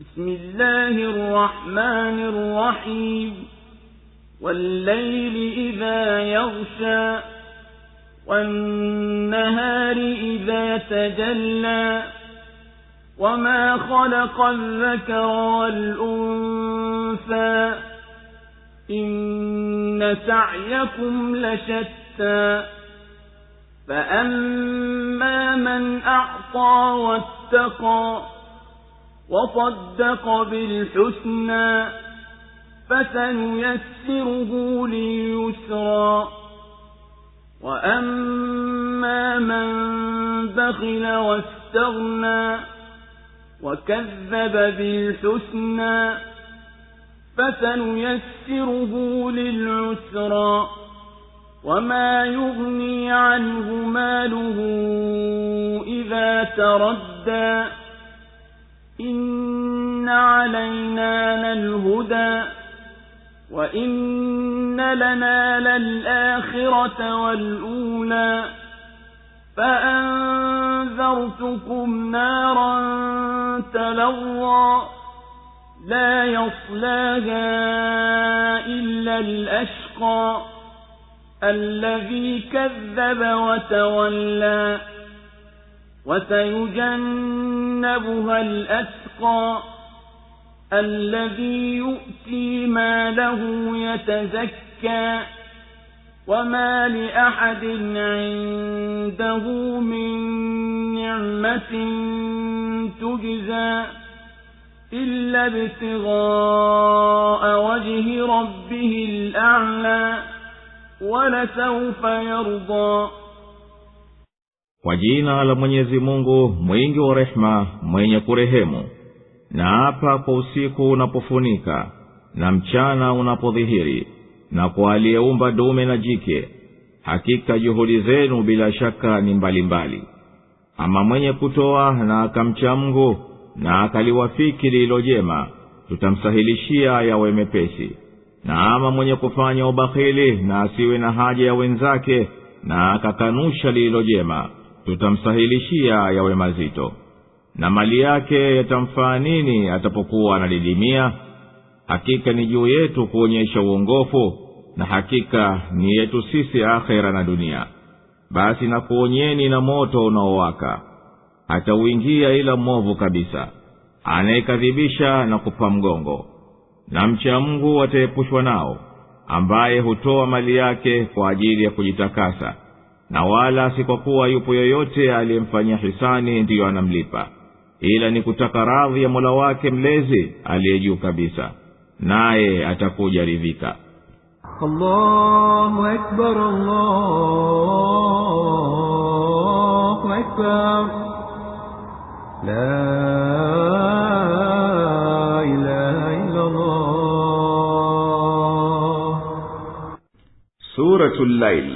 بسم الله الرحمن الرحيم والليل إذا يغشى والنهار إذا تجلى وما خلق الذكر والأنثى إن سعيكم لشتى فأما من أعطى واتقى وصدق بالحسنى فسنيسره لليسرى وأما من بخل واستغنى وكذب بالحسنى فسنيسره للعسرى وما يغني عنه ماله إذا تردى إن علينا للهدى وإن لنا للآخرة والأولى فأنذرتكم نارا تلوى لا يصلاها إلا الأشقى الذي كذب وتولى وسيجنبها الأتقى الذي يؤتي ما له يتزكى وما لأحد عنده من نعمة تجزى إلا ابتغاء وجه ربه الأعلى ولسوف يرضى kwa jina la mwenyezi mungu mwingi wa rehema mwenye kurehemu na apa kwa usiku unapofunika na mchana unapodhihiri na kwa aliyeumba dume na jike hakika juhudi zenu bila shaka ni mbalimbali mbali. ama mwenye kutoa na akamcha mngu na akaliwafiki lililo jema tutamsahilishia yawe mepesi na ama mwenye kufanya ubakhili na asiwe na haja ya wenzake na akakanusha lililo jema tutamsahilishia yawe mazito na mali yake yatamfaa nini atapokuwa anadidimia hakika ni juu yetu kuonyesha uongofu na hakika ni yetu sisi akhera na dunia basi nakuonyeni na moto unaowaka hatauingia ila mwovu kabisa anayekadhibisha na kupa mgongo na mcha mungu ataepushwa nao ambaye hutoa mali yake kwa ajili ya kujitakasa na wala si kwa kuwa yupo yoyote aliyemfanyia hisani ndiyo anamlipa ila ni kutaka radhi ya mola wake mlezi aliye juu kabisa naye atakuja ridhika Suratul Lail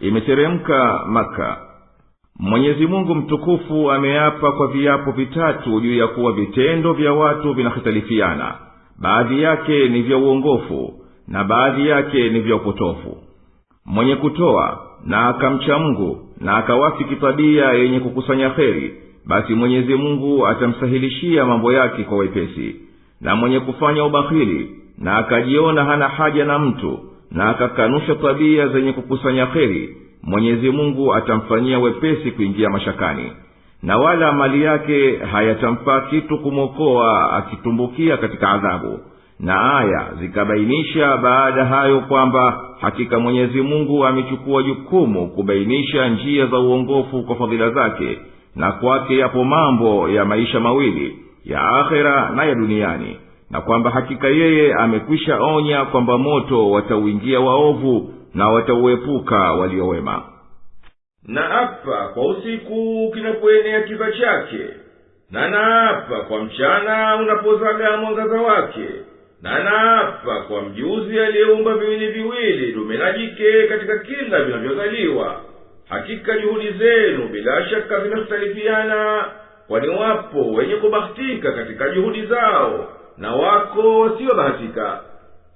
imeteremka maka mwenyezi mungu mtukufu ameapa kwa viapo vitatu juu ya kuwa vitendo vya watu vinahitalifiana baadhi yake ni vya uongofu na baadhi yake ni vya upotofu mwenye kutoa na akamcha mungu na akawafiki tabia yenye kukusanya heri basi mwenyezi mungu atamsahilishia mambo yake kwa wepesi na mwenye kufanya ubahili na akajiona hana haja na mtu na akakanusha tabia zenye kukusanya kheri mwenyezi mungu atamfanyia wepesi kuingia mashakani na wala mali yake hayatampaa kitu kumwokoa akitumbukia katika adhabu na aya zikabainisha baada hayo kwamba hakika mwenyezi mungu amechukua jukumu kubainisha njia za uongofu kwa fadhila zake na kwake yapo mambo ya maisha mawili ya akhera na ya duniani na kwamba hakika yeye amekwisha onya kwamba moto watauingia waovu na watauepuka waliowema na apa kwa usiku kinapoenea kiza chake na naapa kwa mchana unapozaga mwangaza wake na naapa kwa mjuzi aliyeumba viwili viwili dume na jike katika kila vinavyozaliwa hakika juhudi zenu bila shaka zinakhtalifiana kwani wapo wenye kubahtika katika juhudi zao na wako siyobahatika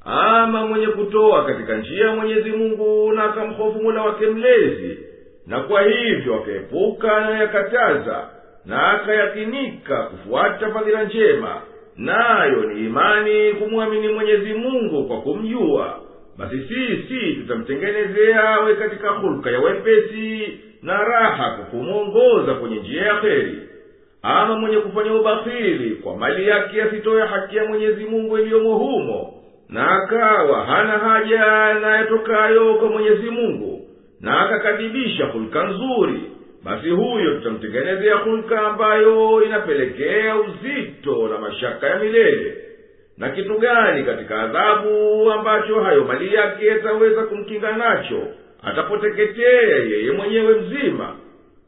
ama mwenye kutoa katika njia ya mwenyezi mungu na akamhofu mola wake mlezi na kwa hivyo akaepuka anayoyakataza na akayakinika kufuata fadhila njema nayo ni imani kumwamini mwenyezi mungu kwa kumjua basi sisi tutamtengenezea awe katika hulka ya wepesi na raha kwa kumwongoza kwenye njia ya heri ama mwenye kufanya ubahili kwa mali yake asitoya haki ya mwenyezi mungu iliyomo humo na akawa hana haja anayetokayo kwa mwenyezi mungu na akakadibisha hulka nzuri basi huyo tutamtengenezea hulka ambayo inapelekea uzito na mashaka ya milele na kitu gani katika adhabu ambacho hayo mali yake yataweza kumkinga nacho atapoteketea yeye mwenyewe mzima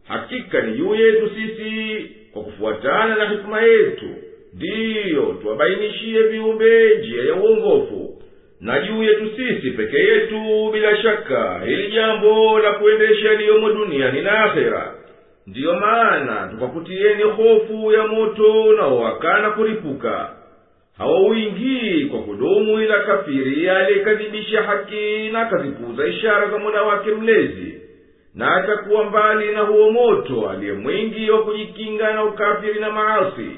hakika ni juu yetu sisi kwa kufuatana na hikima yetu ndiyo tuwabainishie viumbe njia ya uongofu na juu yetu sisi peke yetu bila shaka ili jambo la kuendesha yaliyomo duniani na akhera ndiyo maana tukakutieni hofu ya moto unaowakana kuripuka hawauingii kwa kudumu ila kafiri aliyekadhibisha haki na kazipuza ishara za mola wake mlezi na atakuwa mbali na huo moto aliye mwingi wa kujikinga na ukafiri na maasi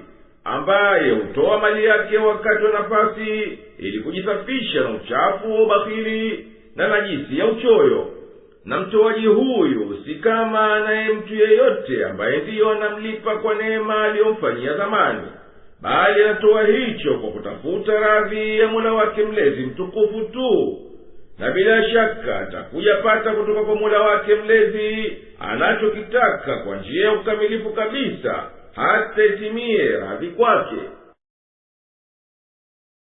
ambaye hutoa mali yake wakati wa nafasi ili kujisafisha na uchafu wa ubahili na najisi ya uchoyo na mtoaji huyu si kama naye mtu yeyote ambaye ndiyo anamlipa kwa neema aliyomfanyia zamani bali anatoa hicho kwa kutafuta radhi ya mola wake mlezi mtukufu tu na bila shaka atakuyapata kutoka kwa mula wake mlezi anachokitaka kwa njia ya ukamilifu kabisa hata itimie radhi kwake